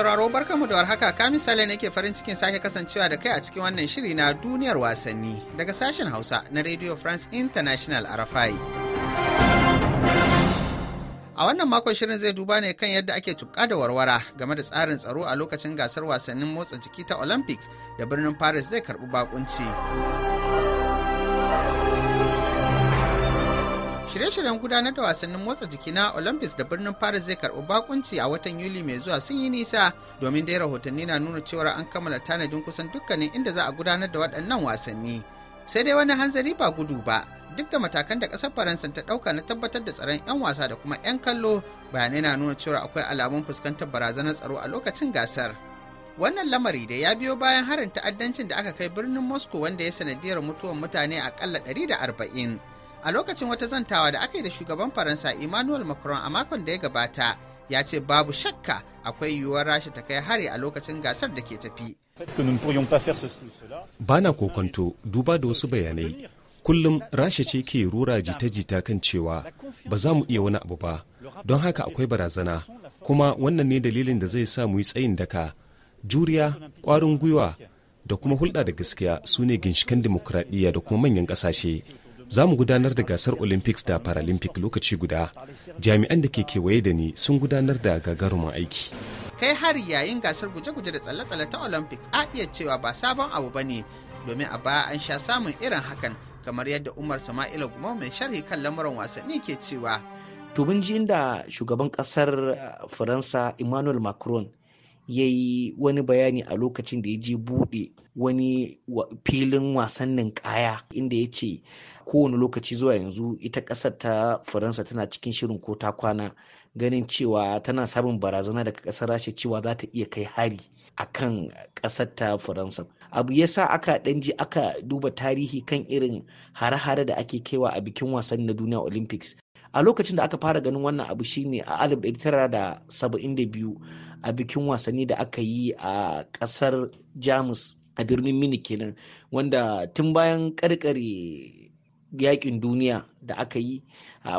sauraro barkamu da warhaka ka misali nake farin cikin sake kasancewa da kai a cikin wannan shiri na duniyar wasanni daga sashen Hausa na Radio France International Arafai. A wannan makon shirin zai duba ne kan yadda ake tuka da warwara game da tsarin tsaro a lokacin gasar wasannin motsa jiki ta Olympics da birnin Paris zai karbi bakunci. Shirye-shiryen gudanar da wasannin motsa jiki na Olympics da birnin Paris zai karɓi bakunci a watan Yuli mai zuwa sun yi nisa domin dai rahotanni na nuna cewar an kammala tanadin kusan dukkanin inda za a gudanar da waɗannan wasanni. Sai dai wani hanzari ba gudu ba, duk da matakan da ƙasar Faransa ta ɗauka na tabbatar da tsaron 'yan wasa da kuma 'yan kallo bayanai na nuna cewar akwai alamun fuskantar barazanar tsaro a lokacin gasar. wannan lamari da ya biyo bayan harin ta'addancin da aka kai birnin moscow wanda ya sanadiyar mutuwar mutane akalla arba'in. a lokacin wata zantawa da aka yi da shugaban faransa emmanuel macron a makon da ya gabata ya ce babu shakka akwai yiwuwar rasha ta kai hari a lokacin gasar da ke tafi bana kokonto duba da wasu bayanai kullum rasha ce ke rura jita-jita kan cewa ba za mu iya wani abu ba don haka akwai barazana kuma wannan ne dalilin da zai sa mu yi tsayin daka juriya kwarin gwiwa da kuma hulɗa da gaskiya su ne ginshikan dimokuraɗiyya da kuma manyan ƙasashe za mu gudanar da gasar olympics da paralympic lokaci guda jami'an da ke kewaye da ni sun gudanar da gagarumin aiki kai hari yayin gasar guje-guje da tsalle-tsalle ta olympics a iya cewa ba sabon abu ba ne domin a baya an sha samun irin hakan kamar yadda umar sama'ila gumau mai sharhi kan lamuran wasanni ke cewa tubin jin da shugaban kasar eh, faransa emmanuel macron ya yi wani bayani a lokacin da ya je buɗe wani filin wasan kaya. inda ya ce kowane lokaci zuwa yanzu ita ƙasar ta faransa tana cikin shirin ko ta kwana ganin cewa tana samun barazana daga ƙasar rasha cewa za ta iya kai hari a kan ƙasar ta faransa abu ya sa aka ɗanji aka duba tarihi kan irin hare-hare da ake kaiwa a bikin wasan na duniya olympics a lokacin da aka fara ganin wannan abu shine a 1972 a bikin wasanni da aka yi a kasar jamus a birnin mini wanda tun bayan karkare yakin duniya da aka yi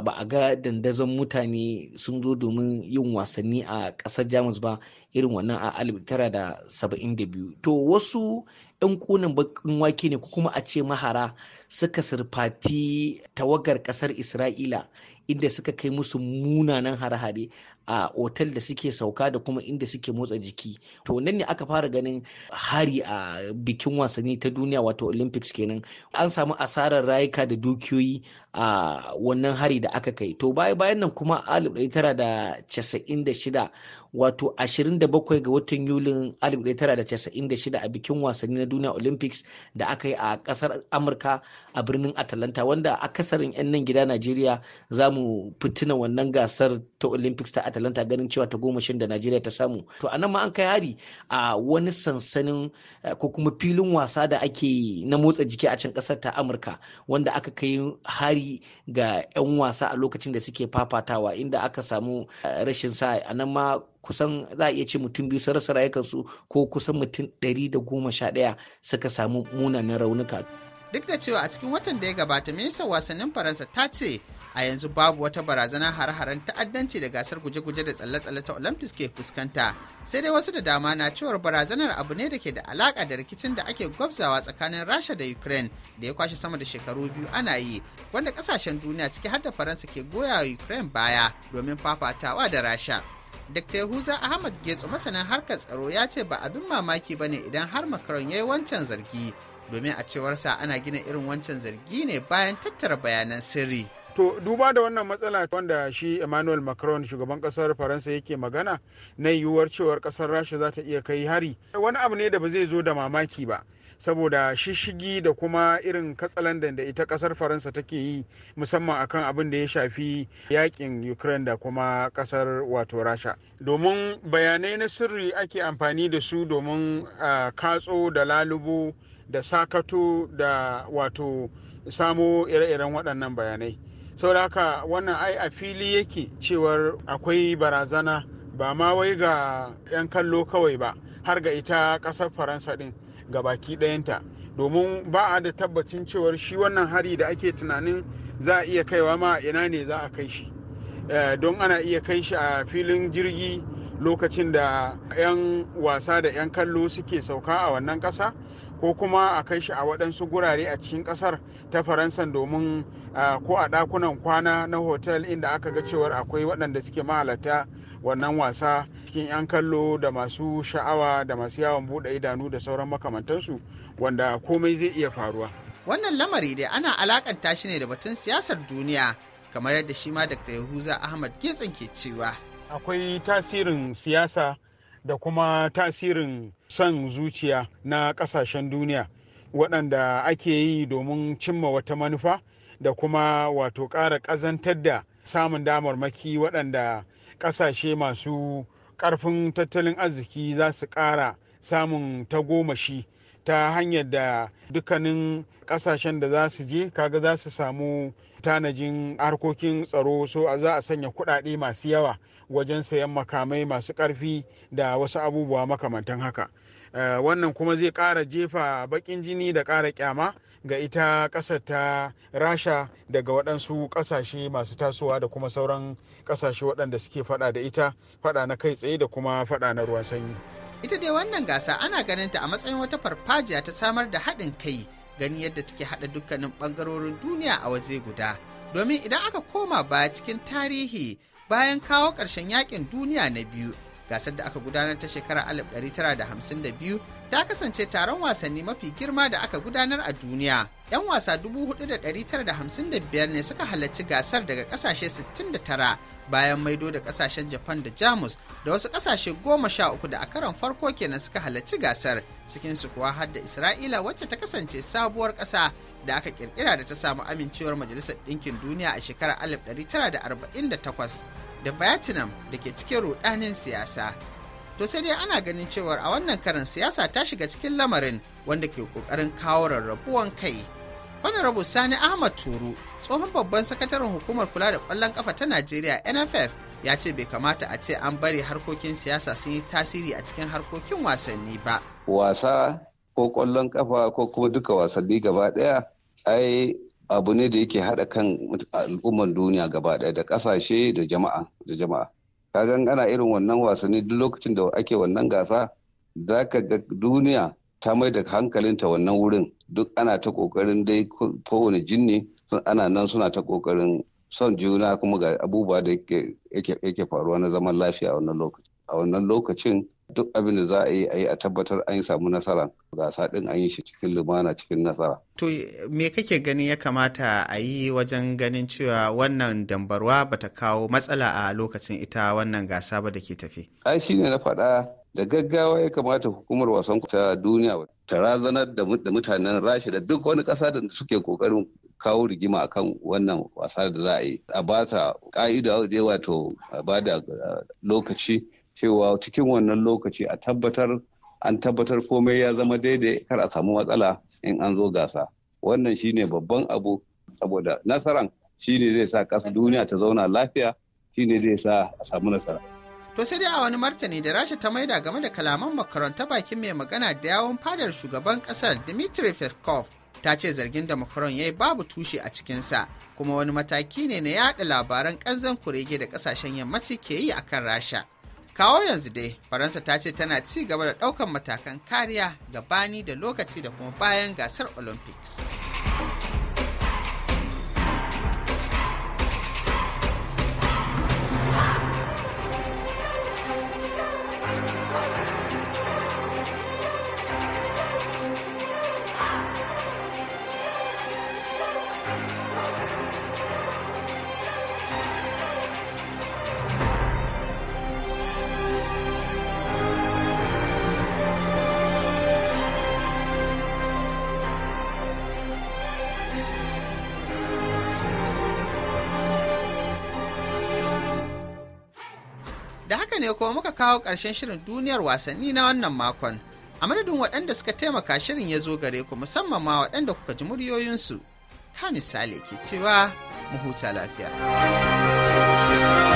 ba a ga dandazon mutane sun zo domin yin wasanni a kasar jamus ba irin wannan a 1972 to wasu 'yan kunan bakin wake ne ko kuma a ce mahara suka surfafi tawagar kasar isra'ila inda suka kai musu munanan hare-hare a otal da suke sauka da kuma inda suke motsa jiki to nan ne aka fara ganin hari a bikin wasanni ta duniya wato olympics kenan an samu asarar rayuka da dukiyoyi a wannan hari da aka kai to baya bayan nan kuma 1996 wato 27 ga watan yulin 1996 a bikin wasanni na duniya olympics da aka yi a kasar amurka a birnin atalanta wanda akasarin 'yan nan gida najeriya za mu fitina wannan gasar ta olympics ta atalanta ganin cewa ta goma da najeriya ta samu to a ma an kai hari a wani sansanin eh, ko kuma filin wasa da ake na motsa jiki a can kasar ta amurka wanda aka kai hari ga 'yan wasa a lokacin da suke fafatawa inda aka samu eh, rashin sa a nan ma kusan za a iya ce mutum biyu sun rasa rayukansu ko kusan mutum ɗari da goma sha ɗaya suka samu munanan raunuka. Duk da cewa a cikin watan da ya gabata ministan wasannin Faransa ta ce a yanzu babu wata barazana har-haren ta'addanci da gasar guje-guje da tsalle-tsalle ta Olympics ke fuskanta. Sai dai wasu da dama na cewar barazanar abu ne da ke da alaka da rikicin da ake gwabzawa tsakanin Rasha da Ukraine da ya kwashe sama da shekaru biyu ana yi, wanda kasashen duniya ciki har da Faransa ke goya wa Ukraine baya domin fafatawa da Rasha. Dr. Yahuza Ahmad getso masanin harkar tsaro ya ce ba abin mamaki ba ne idan har Macron ya yi wancan zargi domin a cewarsa ana gina irin wancan zargi ne bayan tattara bayanan sirri. To duba da wannan matsala wanda shi Emmanuel Macron shugaban kasar Faransa yake magana na yiwuwar cewar kasar Rasha za ta iya kai hari. Wani abu ne da ba zai zo da mamaki ba. saboda shishigi da kuma irin katsalandan da ita kasar faransa take yi musamman akan abin da ya shafi yakin ukraine da kuma kasar wato rasha domin bayanai na sirri ake amfani da su domin katso da lalubo da sakato da wato samo ire-iren waɗannan bayanai saboda wannan ai a fili yake cewar akwai barazana ba ma wai ga 'yan kallo kawai ba har ga ita ƙasar faransa ɗin ga baki ɗayanta domin ba a da tabbacin cewar shi wannan hari da ake tunanin za a iya kaiwa ma ina ne za a kai shi eh, don ana iya kai shi a filin jirgi lokacin da 'yan wasa da 'yan kallo suke sauka a wannan ƙasa ko kuma a kai shi a waɗansu gurare a cikin ƙasar ta faransa domin ko a ɗakunan kwana na hotel inda aka ga cewar akwai waɗanda suke mahalarta wannan wasa cikin 'yan kallo da masu sha'awa da masu yawon buɗe idanu da sauran makamantansu wanda komai zai iya faruwa wannan lamari dai ana alakanta shi ne da batun siyasar duniya kamar yadda shi ma dr yahuza ahmad gitsin ke cewa akwai tasirin siyasa da kuma tasirin son zuciya na kasashen duniya waɗanda ake yi domin cimma wata manufa da kuma wato ƙara ƙazantar da samun damarmaki waɗanda ƙasashe masu ƙarfin tattalin arziki za su ƙara samun tagomashi ta hanyar da dukkanin kasashen da za su je kaga za su samu tanajin harkokin tsaro so a za a sanya kuɗaɗe masu yawa wajen sayan makamai masu ƙarfi da wasu abubuwa makamantan haka eh, wannan kuma zai ƙara jefa baƙin jini da ƙara kyama ga ita ƙasar ta rasha daga waɗansu ƙasashe masu tasowa da kuma sauran ƙasashe waɗanda suke faɗa da ita faɗa na kai tsaye da kuma faɗa na ruwan sanyi. ita dai wannan gasa ana ganin ta a matsayin wata farfajiya ta samar da haɗin kai gani yadda take haɗa dukkanin ɓangarorin duniya a waje guda domin idan aka koma baya cikin tarihi bayan kawo ƙarshen yakin duniya na biyu gasar da aka gudanar ta shekara 1952 ta kasance taron wasanni mafi girma da aka gudanar a duniya. 'Yan wasa 4,955 ne suka halarci gasar daga kasashe 69 bayan maido da kasashen japan da jamus da wasu kasashe goma sha uku da a karan farko kenan suka halarci gasar su kuwa har da isra'ila wacce ta kasance sabuwar ƙasa da aka kirkira da ta samu amincewar majalisar ɗinkin duniya a shekarar tara da vietnam da ke cikin rudanin siyasa to sai dai ana ganin cewar a wannan karan siyasa ta shiga cikin lamarin wanda ke ƙoƙarin kawo rarrabuwan kai Honorable Sani Ahmad Turu, tsohon babban sakataren hukumar kula da kwallon kafa ta Najeriya NFF, ya ce bai kamata a ce an bari harkokin siyasa sun yi tasiri a cikin harkokin wasanni ba. Wasa ko ƙwallon ƙafa ko kuma duka wasanni gaba ɗaya, ai abu ne da yake haɗa kan al'ummar duniya gaba ɗaya da ƙasashe da jama'a da jama'a. Kagan ana irin wannan wasanni duk lokacin da ake wannan gasa, zaka ga duniya ta mai da hankalinta wannan wurin duk ana ta kokarin dai kowane jinni ana nan suna ta kokarin son juna kuma ga abubuwa da yake faruwa na zaman lafiya a wannan lokacin duk abin da za a yi a yi a tabbatar an yi samu nasara gasa din an yi shi cikin lumana cikin nasara. To me kake gani ya kamata a yi wajen ganin cewa wannan dambarwa bata kawo matsala a lokacin ita wannan gasa ba da ke tafi? Ai shine na faɗa da gaggawa ya kamata hukumar wasan ta duniya ta razanar da mutanen rasha da duk wani ƙasa da suke kokarin kawo rigima akan wannan wasa da za a yi a ba ta ka'ida da wato a ba da lokaci cewa cikin wannan lokaci a tabbatar an tabbatar komai ya zama daidai kar a samu matsala in an zo gasa wannan shine babban abu saboda nasaran shine zai sa ƙasa duniya ta zauna lafiya shine zai sa a samu nasara. To sai dai a wani martani da Rasha ta maida game da kalaman makaranta bakin mai magana da yawon fadar shugaban kasar Dmitry Peskov ta ce zargin da Macron ya yi babu tushe a cikinsa kuma wani mataki ne na yada labaran kanzan kurege da ƙasashen yammaci ke yi a kan Rasha. Kawo yanzu dai, Faransa ta ce tana ci gaba da ɗaukan matakan kariya gabani da lokaci da kuma bayan gasar Olympics. haka ne kuma muka kawo ƙarshen shirin duniyar wasanni na wannan makon. A madadin waɗanda suka taimaka shirin ya zo gare ku musamman ma waɗanda kuka ji muryoyinsu. Ka misali ke cewa mu huta lafiya.